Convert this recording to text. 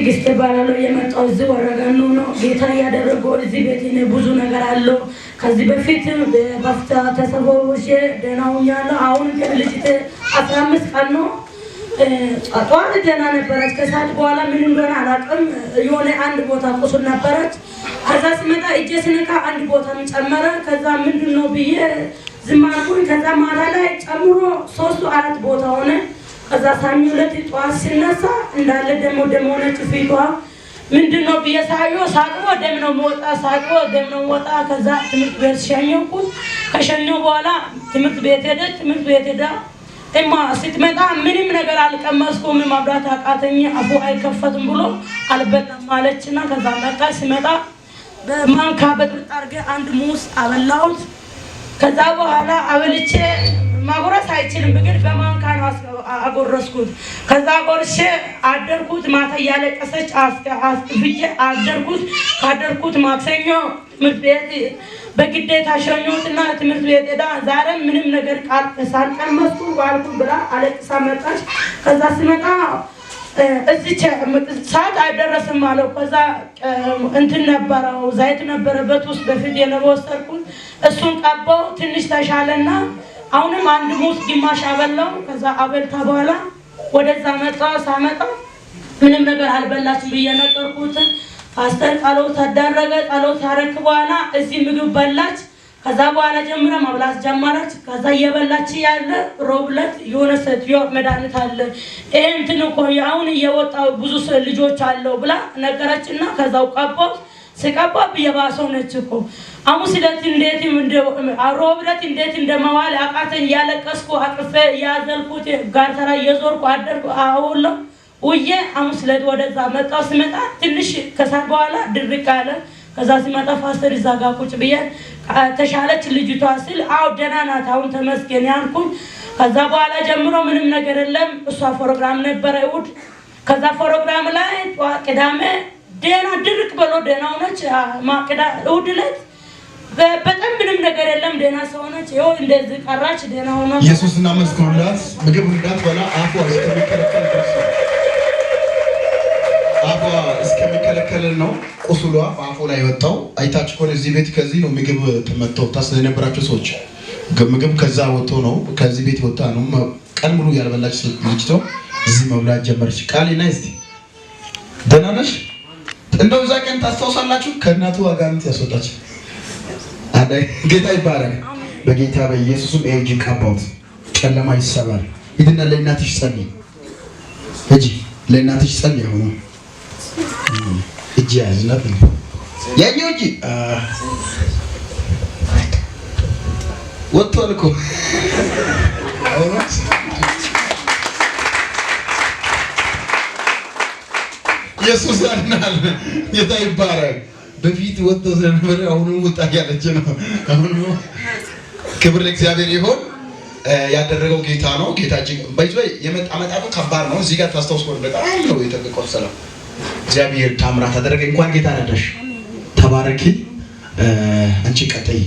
ትግስት ባላለው የመጣው እዚህ ወረጋኑ ነው። ጌታ እያደረገው እዚህ ቤት እኔ ብዙ ነገር አለው። ከዚህ በፊት በፍታ ተሰቦች ደህና ሆኛለሁ። አሁን ግን ልጅት አስራ አምስት ቀን ነው። ጠዋት ደህና ነበረች። ከሰዓት በኋላ ምን እንደሆነ አላውቅም። የሆነ አንድ ቦታ ቁስል ነበረች። ከዛ ስመጣ እጄ ስነካ አንድ ቦታም ጨመረ። ከዛ ምንድን ነው ብዬ ዝም አልኩኝ። ከዛ ማታ ላይ ጨምሮ ሶስቱ አራት ቦታ ሆነ። ከዛ ሳሚ ሁለት ጠዋት ሲነሳ እንዳለ ደሞ ደሞ ነች ፊቷ። ምንድን ነው ብዬ ሳቅቦ ደም ነው መወጣ፣ ሳቅቦ ደም ነው መወጣ። ከዛ ትምህርት ቤት ሸኘኩት። ከሸኘው በኋላ ትምህርት ቤት ሄደች። ትምህርት ቤት ሄዳ እማ ስትመጣ ምንም ነገር አልቀመስኩም፣ ማብራት አቃተኝ፣ አፉ አይከፈትም ብሎ አልበላም አለችና ከዛ መጣ ሲመጣ በማንካ በጥርጥ አድርጌ አንድ ሙስ አበላሁት። ከዛ በኋላ አበልቼ ማጉረስ አይችልም ግን በማንካ ነው አጎረስኩት። ከዛ አጎርሼ አደርኩት። ማታ እያለቀሰች አስጥፍቼ አደርኩት። ካደርኩት ማክሰኞ ትምህርት ቤት በግዴታ ሸኙትና ትምህርት ቤት ሄዳ ዛሬም ምንም ነገር ቃል ሳልቀመስኩ ባልኩ ብላ አለቅሳ መጣች። ከዛ ስመጣ እዚች ሰዓት አይደረስም አለው። ከዛ እንትን ነበረው ዘይት ነበረበት ውስጥ በፊት የነበወሰድኩት እሱን ቀባው ትንሽ ተሻለና አሁንም አንድ ሙዝ ግማሽ አበላው። ከዛ አበልታ በኋላ ወደዛ መጣ። ሳመጣ ምንም ነገር አልበላችም ብዬ ነገርኩት። ፓስተር ጸሎት ተደረገ። ጸሎት ያረክ በኋላ እዚህ ምግብ በላች። ከዛ በኋላ ጀምረ መብላት ጀመረች። ከዛ እየበላች ያለ ሮብለት የሆነ ሴትዮ መድኃኒት አለ ይሄ እንትን እኮ አሁን እየወጣ ብዙ ልጆች አለው ብላ ነገረች እና ከዛው ቀባው ስቀባብ የባሰው ነች እኮ ሐሙስ ዕለት እንዴት ሮብ ዕለት እንዴት እንደመዋል አቃተኝ። እያለቀስኩ አቅፌ እያዘልኩት ጋንተራ እየዞርኩ አደርኩ። አሁን ውዬ ሐሙስ ዕለት ወደዛ መጣሁ። ስመጣ ትንሽ ከሰዓት በኋላ ድርቅ አለ። ከዛ ሲመጣ ፋስተር እዛ ጋ ቁጭ ብዬ ተሻለች ልጅቷ ስል አዎ ደህና ናት አሁን ተመስገን ያልኩኝ። ከዛ በኋላ ጀምሮ ምንም ነገር የለም። እሷ ፕሮግራም ነበረ እሑድ። ከዛ ፕሮግራም ላይ ቅዳሜ ደህና ድርቅ በሎ ደህና ሆነች። ማቅዳ እሑድ ዕለት በጣም ምንም ነገር የለም። ደህና ሰው ሆነች። ይኸው እንደዚህ ቀራች። ደህና ሆኖ ኢየሱስ እና መስክሩላት። ምግብ እንዳትበላ አፏ እስከሚከለከል አፏ እስከሚከለከል ነው ቁስሏ አፏ ላይ የወጣው። አይታችሁ ከሆነ እዚህ ቤት ከዚህ ነው ምግብ ተመተው ታስ ስለነበራቸው ሰዎች ምግብ ከዛ ወጥቶ ነው ከዚህ ቤት ወጣ ነው። ቀን ሙሉ ያልበላች ልጅቷ እዚህ መብላት ጀመረች። ቃል ና እስቲ ደህና ነሽ? እንደው እዛ ቀን ታስታውሳላችሁ፣ ከእናቱ አጋንንት ያስወጣች አዳይ። ጌታ ይባረክ። በጌታ በኢየሱስም ኤጂ ቀባውት ጨለማ ይሰባል። ሂድና ለእናትሽ ጸልይ፣ እጂ ለእናትሽ ጸልይ። አሁን እጂ ያዝናት ያየው እጂ ወጥቷል እኮ ኢየሱስ ያድናል። ጌታ ይባረክ። በፊት ወጥቶ ስለነበረ አሁን ውጣ ያለች ነው። አሁን ክብር ለእግዚአብሔር ይሁን። ያደረገው ጌታ ነው። ጌታችን በዚህ ላይ የመጣ መጣቱ ከባድ ነው። እዚህ ጋር ታስታውስ ቆል በጣም ነው ሰላም እግዚአብሔር ታምራት አደረገ። እንኳን ጌታ ነደሽ ተባረኪ። አንቺ ቀጠይ